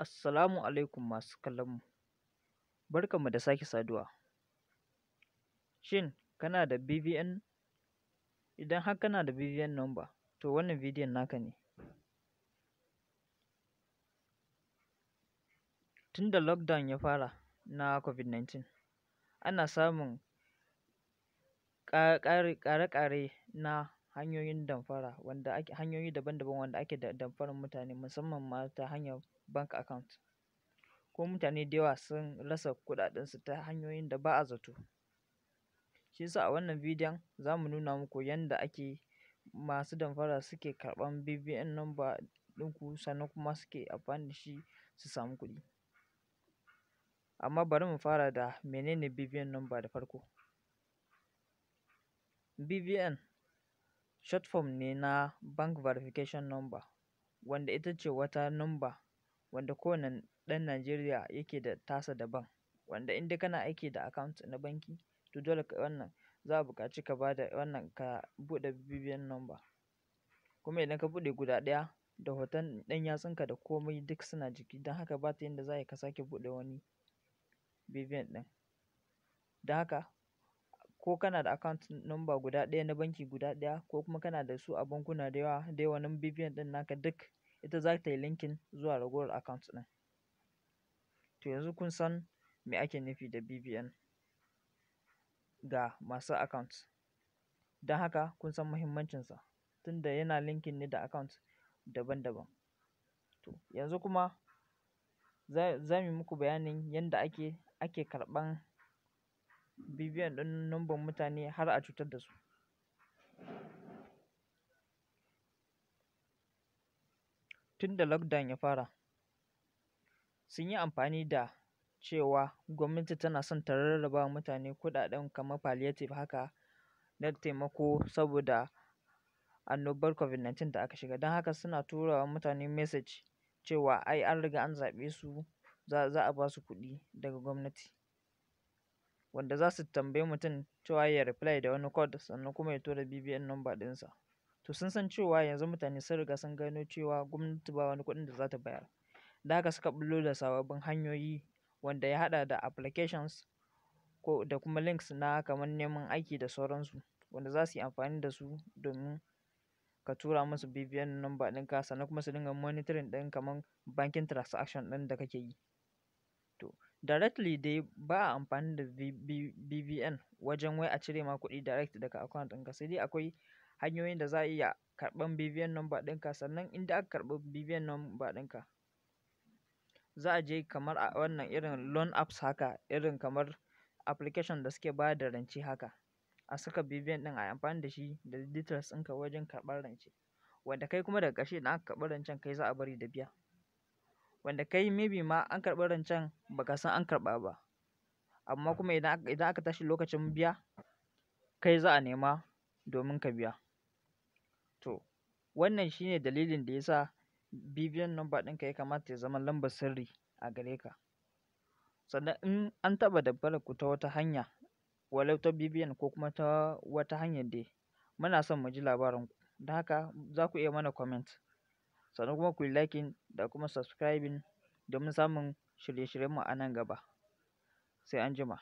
Assalamu alaikum masu kallonmu, barkanmu da sake saduwa. Shin kana da BVN? Idan har kana da BVN number, to wannan bidiyon naka ne. Tun da lockdown ya fara na COVID-19, ana samun ƙare-ƙare na hanyoyin damfara wanda ake hanyoyi daban-daban wanda ake damfaran mutane musamman ma ta hanyar bank account ko mutane da yawa sun rasa kuɗaɗensu ta hanyoyin da ba a zato shi yasa a wannan bidiyon za mu nuna muku yanda ake masu damfara suke karɓan BVN number ɗinku sannan kuma suke amfani da shi su samu kuɗi amma bari mu fara da menene BVN number da farko BVN short form ne na Bank Verification Number, wanda ita ce wata namba wanda kowane ɗan Najeriya yake da tasa daban, wanda in dai kana aiki da account na banki, to dole ka wannan za a buƙaci ka bada wannan ka buɗe BVN number. Kuma idan ka buɗe guda ɗaya, da hoton ɗan yatsunka da komai duk suna jiki, don haka ba ta yanda za a yi ka sake buɗe wani BVN ɗin. Don haka. ko kana da account number guda ɗaya na banki guda ɗaya ko kuma kana da su a bankuna da yawa dai wannan BVN ɗin naka duk ita za ta yi linkin zuwa ragowar account ɗin. To yanzu kun san me ake nufi da bbn ga masu account. Don haka kun san muhimmancinsa tunda yana linkin ne da account daban-daban. To yanzu kuma za, mu yi muku bayanin yadda ake, ake karɓan bibiyan ɗin numban mutane har a cutar da su tun da lockdown ya fara sun yi amfani da cewa gwamnati tana son ta rarraba mutane kuɗaɗen kamar palliative haka na taimako saboda annobar covid-19 da aka shiga don haka suna tura mutane message cewa ai an riga an zaɓe su za a ba su kuɗi daga gwamnati wanda za su tambayi mutum cewa ya reply da wani code sannan kuma ya tura bbn number ɗinsa. To sun san cewa yanzu mutane sun riga sun gano cewa gwamnati ba wani kuɗin da za ta bayar. Da haka suka bullo da sababbin hanyoyi wanda ya haɗa da applications ko da kuma links na kamar neman aiki da sauransu wanda za su yi amfani da su domin ka tura musu bbn number ɗinka sannan kuma su dinga monitoring ɗin kamar banking transaction ɗin da kake yi. directly dai ba a amfani da BVN wajen wai a cire ma kuɗi direct daga account ɗinka, sai dai akwai hanyoyin da za a iya karɓan BVN number ɗinka sannan inda aka karɓi BVN number ɗinka za a je kamar a wannan irin loan apps haka irin kamar application da suke ba da rance haka a saka BVN ɗin a yi amfani da shi da details ɗinka wajen karɓar rance wanda kai kuma daga ƙarshe idan aka karɓi rancen kai za a bari da biya. wanda kai maybe ma an karɓi rancen baka san an karɓa ba amma kuma idan aka tashi lokacin biya kai za a nema domin ka biya to wannan shine dalilin da ya yasa BVN number ɗinka ya kamata ya zama lambar sirri a gare ka sannan in an taɓa dabbar ku ta wata hanya walau ta ko kuma ta wata hanyar dai muna son mu ji labarin ku don haka za ku iya mana comment sannan kuma ku yi liking da kuma subscribing domin samun shirye-shiryenmu a nan gaba. Sai anjima.